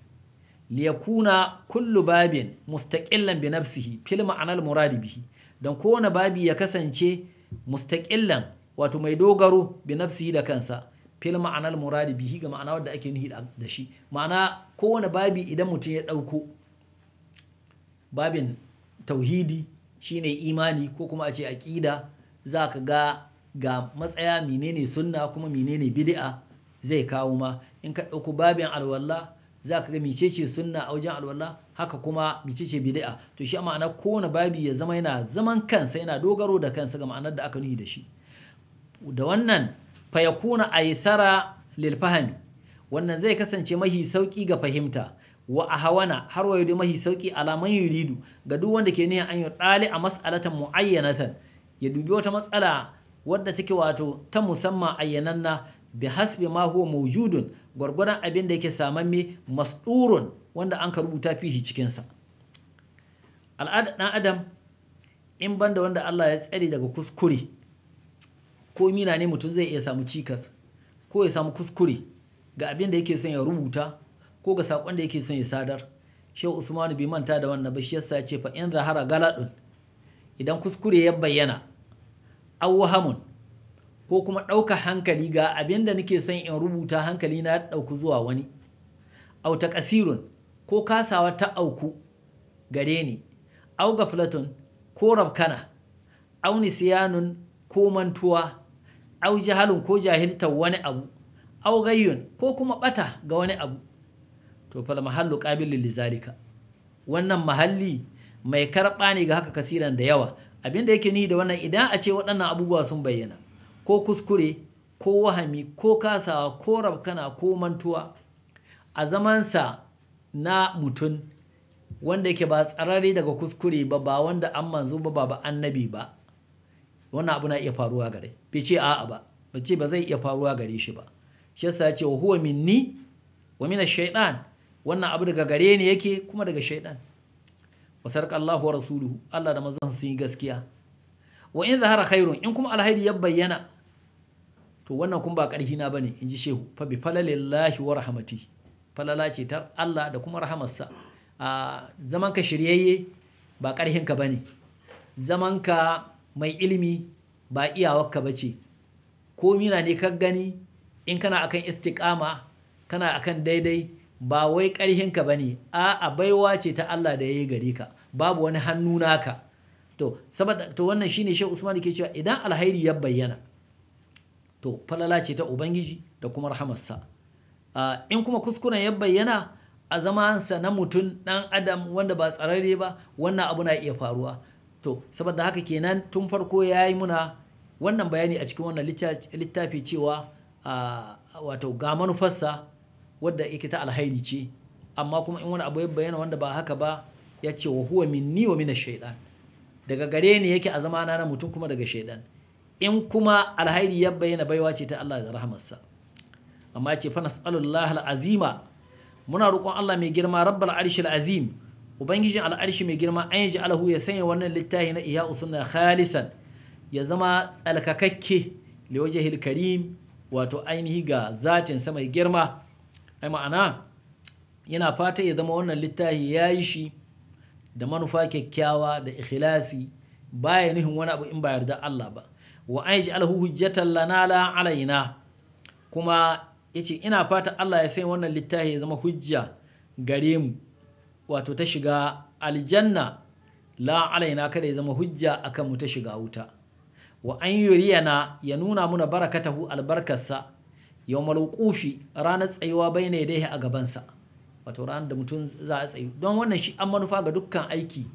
liyakuna kullu babin mustaqillan bi nafsihi fil ma'anal muradi bihi dan kowane babi ya kasance mustaqillan wato mai dogaro bi nafsihi da kansa fil ma'anal muradi bihi ga ma'ana wadda ake nuhi da shi ma'ana kowane babi idan mutum ya ɗauko babin tauhidi shine imani ko kuma a ce aƙida za ka ga ga matsaya menene sunna kuma menene bid'a zai kawo ma in ka ɗauko babin alwallah za ka ga mecece sunna a wajen alwala haka kuma mecece bid'a to shi ma'ana kowane babi ya zama yana zaman kansa yana dogaro da kansa ga ma'anar da aka nuhi da shi da wannan fayakuna aisara aysara lil fahmi wannan zai kasance mahi sauki ga fahimta wa a ahawana har wayo mahi sauki alaman yuridu ga duk wanda ke niyan an yi dali a mas'alatan muayyanatan ya dubi wata matsala wadda take wato ta musamman ayyananna bi hasbi ma huwa mawjudun gwargwadon abin da yake samamme masdurun wanda an ka rubuta fihi cikin sa al'ada dan adam in banda wanda Allah ya tsare daga kuskure ko mina ne mutum zai iya samu cikas ko ya samu kuskure ga abin da yake son ya rubuta ko ga sakon da yake son ya sadar shehu usmanu bai manta da wannan ba shi yasa ya ce fa in zahara galadun idan kuskure ya bayyana awhamun ko kuma ɗauka hankali ga abin da nake son in rubuta hankali na ɗauku zuwa wani auta ƙasirun ko kasawa ta auku gare ni au ga gaflatun ko rabkana au nisiyanun ko mantuwa au jahalun ko jahiltar wani abu au gayyun ko kuma ɓata ga wani abu to fal mahallu qabilun lizalika wannan mahalli mai karɓa ne ga haka kasiran da yawa abin da yake ni da wannan idan a ce waɗannan abubuwa sun bayyana ko kuskure ko wahami ko kasawa ko rabkana ko mantuwa a zamansa na mutum wanda yake ba tsarari daga kuskure ba ba wanda an manzo ba ba annabi ba wannan abu na iya faruwa gare bai ce a'a ba bai ba zai iya faruwa gare shi ba shi yasa ce wa huwa minni wa min ash-shaytan wannan abu daga gare ne yake kuma daga shaytan wa Allahu wa rasuluhu Allah da manzon sun yi gaskiya wa in zahara khairun in kuma alhairi ya bayyana to wannan kun ba ƙarfi na bane in ji shehu fa bi falalillahi wa rahmati falala ce ta Allah da kuma rahamarsa a zaman ka shiryayye ba ƙarfin ka bane zaman ka mai ilimi ba iyawar ka bace ko mina ne ka gani in kana akan istiqama kana akan daidai ba wai ƙarfin ka bane a a baiwa ce ta Allah da yayi gare ka babu wani hannu naka to saboda to wannan shine Sheikh Usman ke cewa idan alhairi ya bayyana to falala ce ta ubangiji da kuma rahamarsa in kuma kuskuren ya bayyana a zamansa na mutum ɗan adam wanda ba tsararre ba wannan abu na iya faruwa to saboda haka kenan tun farko ya yi muna wannan bayani a cikin wannan littafi cewa wato ga manufarsa wadda yake ta alhairi ce amma kuma in wani abu ya bayyana wanda ba haka ba ya ce wa huwa minni wa mina shaidan daga gare ni yake a zamana na mutum kuma daga shaidan in kuma alhairi ya bayyana baiwa ce ta Allah da rahamarsa amma ce fa al al'azima muna roƙon Allah mai girma rabbal al azim ubangijin al'arshi mai girma an yi alahu ya sanya wannan littafi na iya usunna khalisan ya zama tsalkakakke liwajhil karim wato ainihi ga zatin sa mai girma ai ma'ana yana fata ya zama wannan littafi ya shi da manufa kyakkyawa da ikhlasi baya nihin wani abu in ba yarda Allah ba wa an alahu hujjatan lana la alaina kuma yace ina fata Allah ya sai wannan littafi ya zama hujja gare mu wato ta shiga aljanna la alaina kada ya zama hujja akan mu ta shiga wuta wa an yuriyana ya nuna muna barakatahu albarkarsa yau malukufi ranar tsayuwa bai bayna yadayhi a gabansa wato ranar da mutum za a tsayu don wannan shi an manufa ga dukkan aiki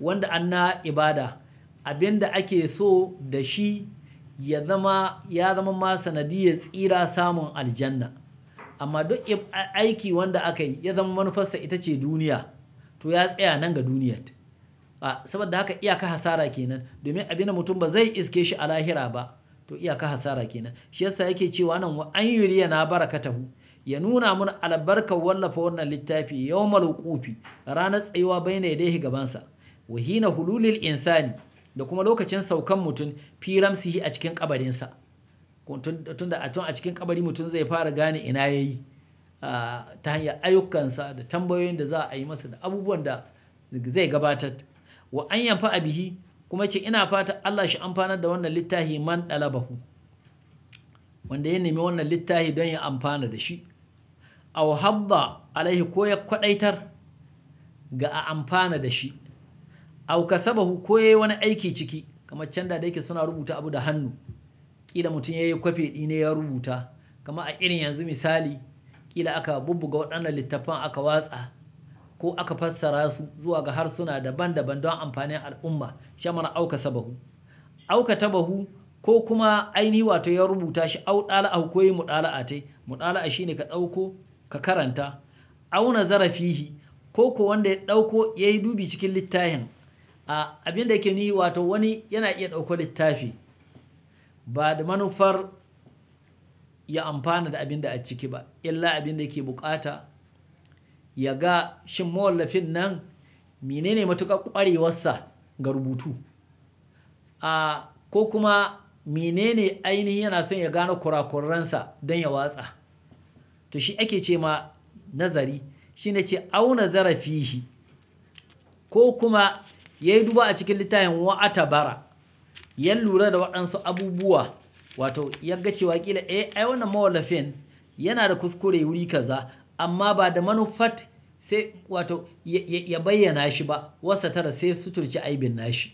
wanda an na ibada abin da ake so da shi ya zama ya zama ma sanadiyar tsira samun aljanna amma duk aiki wanda aka yi ya zama manufarsa ita ce duniya to ya tsaya nan ga duniyar saboda haka iyaka hasara kenan domin abin da mutum ba zai iske shi a lahira ba to iyaka hasara kenan shi yasa yake cewa nan wa an yuriya na barakatahu ya nuna mun albarkar wallafa wannan littafi yawmal qufi ranar tsayuwa bayna yadayhi gabansa wa hina hululil insani da kuma lokacin saukan mutum fi ramsihi a cikin kabarinsa tun a cikin kabari mutum zai fara gane ina ya yi ta hanyar ayyukansa da tambayoyin da za a yi masa da abubuwan da zai gabatar wa an yamfa bihi kuma ce ina fata Allah shi amfanar da wannan littafi man ɗalabahu wanda ya nemi wannan littafi don ya amfana da shi a habba alaihi ko ya kwaɗaitar ga a amfana da shi au kasabahu ko yayi wani aiki ciki kamar can da yake suna rubuta abu da hannu kila mutum ya yi kwafe dine ya rubuta kamar a irin yanzu misali kila aka bubbuga waɗannan littafan aka watsa ko aka fassara su zuwa ga harsuna daban-daban don amfanin al'umma shamar auka sabahu auka tabahu ko kuma ainihi wato ya rubuta shi au ɗala'a ko yi muɗala'a tai shi shine ka ɗauko ka karanta auna zarafihi ko ko wanda ya ɗauko ya yi dubi cikin littafin a abin da yake ni wato wani yana iya ɗauko littafi ba da manufar ya amfana da abin da a ciki ba illa abin da yake bukata ya ga shin mawallafin nan menene matuƙar ƙwarewarsa ga rubutu a ko kuma menene ainihin yana son ya gane kurakuransa don ya watsa to shi ake ce ma nazari shi ne ce auna zarafihi ko kuma ya yi duba a cikin littafin wa'ata bara ya lura da waɗansu abubuwa wato ya ga cewa kila eh ai wannan mawallafin yana da kuskure wuri kaza amma ba da manufat sai wato ya bayyana shi ba wasa tara sai suturci aibin nashi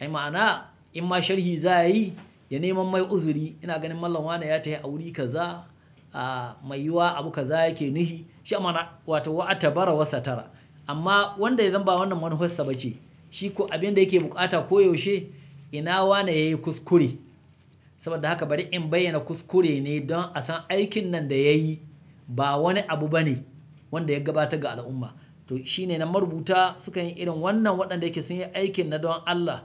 ai ma'ana in ma sharhi za a yi ya neman mai uzuri ina ganin mallam wane ya tafi wuri kaza a mai yiwa abu kaza yake nuhi shi amma wato wa'ata bara wasa tara amma wanda ya zan ba wannan manufarsa ba ce shi ko abin da yake bukata koyaushe ina wane ya yi kuskure saboda haka bari in bayyana kuskure ne don a san aikin nan da ya yi ba wani abu ba ne wanda ya gabata ga al'umma to shine na marubuta suka yi irin wannan waɗanda yake sun yi aikin na don Allah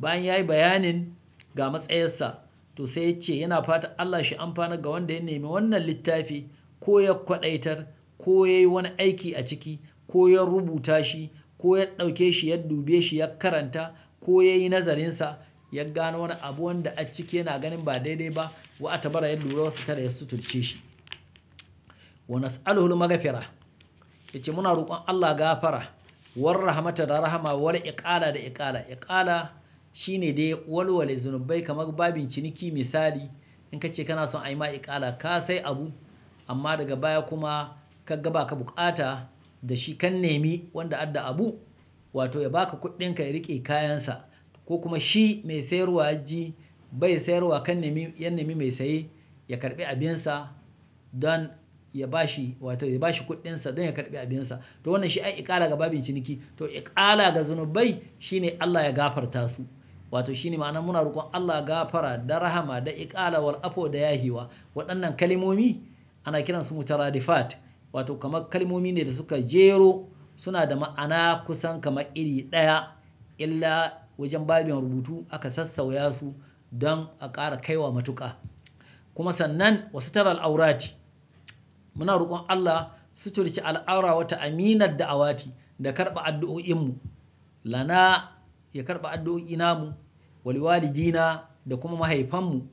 bayan ya yi bayanin ga matsayarsa to sai ya ce yana fata Allah shi amfana ga wanda ya nemi wannan littafi ko ya kwaɗaitar ko ya yi wani aiki a ciki ko ya rubuta shi ko ya ɗauke shi ya dube shi ya karanta ko ya yi nazarinsa ya gano wani abu wanda a ciki yana ganin ba daidai ba wa a tabara ya lura wasu tara ya suturce shi wa nas'aluhu maghfira yace muna roƙon Allah gafara war rahmata da rahama war iqala da iqala iqala shine dai walwale zunubai kamar babin ciniki misali in kace kana son ayi ma iqala ka sai abu amma daga baya kuma ka gaba ka bukata da shi kan nemi wanda adda abu wato ya baka ka ya rike kayansa ko kuma shi mai sayarwa ji bai sayarwa kan nemi yan nemi mai saye ya karbi abinsa don ya bashi wato ya bashi kuɗinsa don ya karɓi abinsa to wannan shi ai ikala ga babin ciniki to ikala ga zunubai shine Allah ya gafarta su wato shine ma'anar muna roƙon Allah gafara da rahama da ikala wal afo da yahiwa waɗannan kalimomi ana kiransu mutaradifat wato kamar kalmomi ne da suka jero suna da ma'ana kusan kamar iri ɗaya illa wajen babin rubutu aka sassauya su don a ƙara kaiwa matuka kuma sannan wasu tara al'aurati muna roƙon Allah suturci al'aura wata aminar da awati da karɓa addu'o'inmu lana ya karɓa addu'o'i namu waliwalidina da kuma mahaifanmu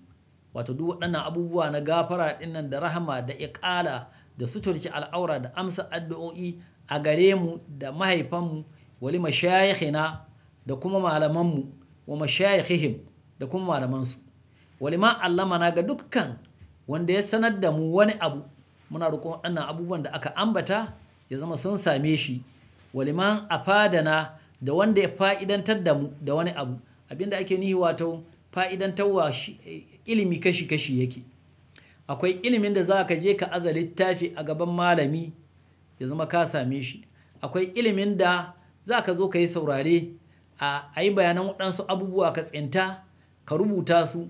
wato duk waɗannan abubuwa na gafara ɗinnan da rahama da iƙala da suturci al'aura da amsa addu'o'i a gare mu da mahaifanmu wali mashayikhina da kuma malamanmu wa mashayikhihim da kuma malamansu wali ma allamana ga dukkan wanda ya sanar da mu wani abu muna roƙon wannan abubuwan da aka ambata ya zama sun same shi wali ma afadana da wanda ya fa'idantar da mu da wani abu abinda ake nihi wato fa'idantarwa eh, ilimi kashi-kashi yake akwai ilimin da za ka je ka aza littafi a gaban malami ya zama ka same shi akwai ilimin da za ka zo ka yi saurare a yi bayanan waɗansu abubuwa ka tsinta ka rubuta su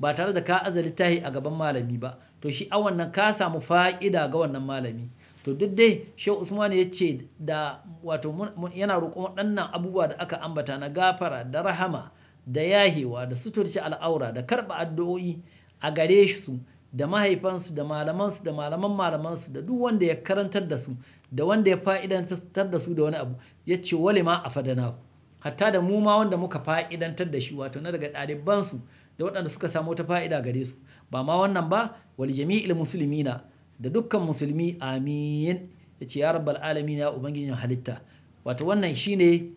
ba tare da ka aza littafi a gaban malami ba to shi a wannan ka samu fa'ida ga wannan malami to duk dai shehu usman ya ce da wato yana roƙon waɗannan abubuwa da aka ambata na gafara da rahama da yahewa da suturci al'aura da karɓa addu'o'i a gare su da mahaifansu da malamansu da malaman malamansu da duk wanda ya karantar da su da wanda ya fa'idantar da su da wani abu ya ce wale ma a ku. hatta da mu ma wanda muka fa'idantar da shi wato na daga ɗalibansu da waɗanda suka samu wata fa'ida gare su ba ma wannan ba wal jami'il na. da dukkan musulmi amin ya ce ya rabbal alamin ya ubangijin halitta wato wannan shine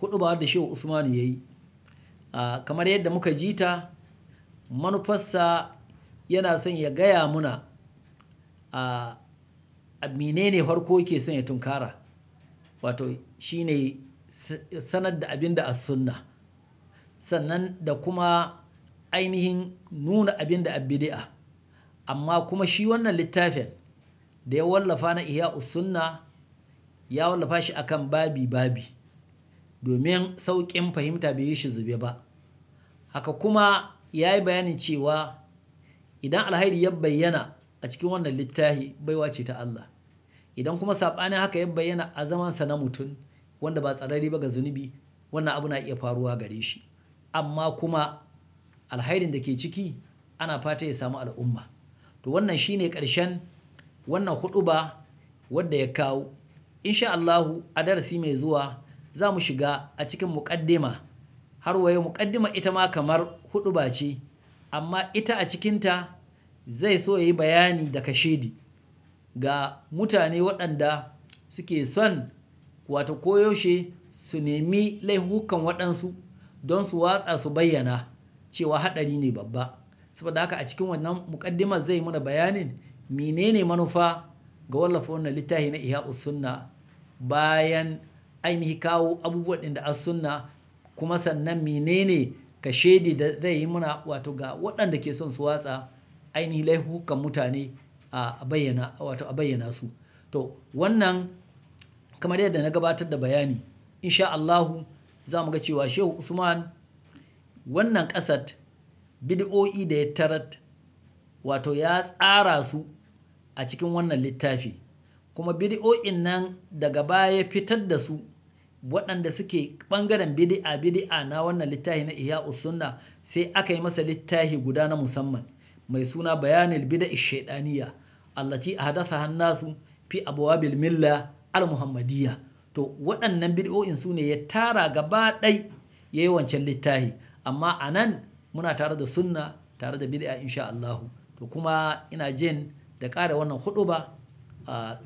hudu ba da shehu usmanu yayi ah, kamar yadda muka ji ta manufarsa yana son ya gaya muna a menene farko ke son ya tunkara wato shine sanar da abin da sunna sannan da kuma ainihin nuna abin da abbidi'a amma kuma shi wannan littafin da ya wallafa na iya sunna ya wallafa shi akan babi babi domin sauƙin fahimta bai yi shi zube ba haka kuma ya yi bayanin cewa idan alhairi ya bayyana a cikin wannan littafi baiwa ce ta Allah idan kuma saɓanin haka ya bayyana a sa na mutum wanda ba tsararri ba ga zunubi wannan abu na iya faruwa gare shi amma kuma alhairin da ke ciki ana fata ya samu al'umma to wannan shine ƙarshen wannan huɗuba wadda ya kawo insha Allahu a darasi mai zuwa za mu shiga a cikin muƙaddima har waye muƙaddima ita ma kamar huɗuba ce amma ita a cikinta zai so ya yi bayani da kashedi ga mutane waɗanda suke son wata koyaushe su nemi laihukan waɗansu don su watsa su bayyana cewa haɗari ne babba saboda haka a cikin wannan mukaddimar zai muna bayanin menene manufa ga wallafa wannan littafi na iya sunna bayan ainihi kawo abubuwan da asunna kuma sannan menene ka kashedi da zai yi muna wato ga waɗanda ke son su watsa ainihin laifukan mutane a bayyana su to wannan kamar yadda na gabatar da bayani insha Allahu za mu ga cewa Shehu Usman wannan ƙasar bid'o'i da ya tarat wato ya tsara su a cikin wannan littafi kuma bid'o'in nan daga baya ya fitar da su waɗanda suke ɓangaren bid'a-bid'a na wannan littafi na iya sunna sai aka yi masa littafi guda na musamman mai suna bayanil bida'i shaidaniya allati hadafa hannasu fi abwabil milla al muhammadiyya to waɗannan bid'o'in su ne ya tara gaba ɗai yi wancan littafi amma a nan muna tare da sunna tare da bid'a insha allahu to kuma ina jin da ƙara wannan hudu ba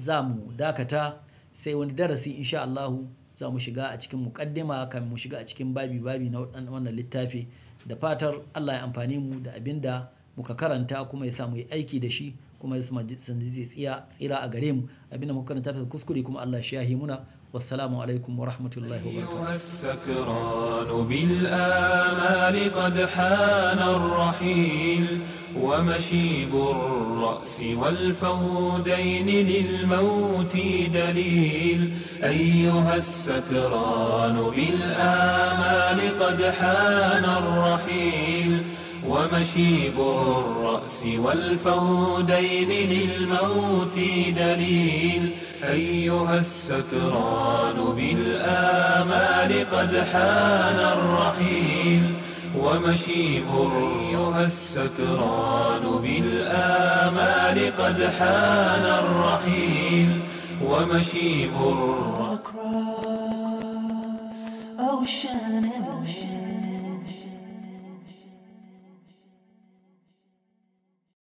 za mu dakata sai wani darasi insha allahu. za mu shiga a cikin mukaddima kan mu shiga a cikin babi babi na wannan littafi da fatar Allah ya amfani mu da abin da muka karanta kuma ya sa mu yi aiki da shi kuma ya sa mu tsira a gare mu abinda da muka karanta kuskure kuma Allah ya himuna. والسلام عليكم ورحمة الله وبركاته أيها السكران بالآمال قد حان الرحيل ومشيب الرأس والفودين للموت دليل أيها السكران بالآمال قد حان الرحيل ومشيب الرأس والفودين للموت دليل أيها السكران بالآمال قد حان الرحيل ومشيب أيها السكران بالآمال قد حان الرحيل ومشيب across ocean and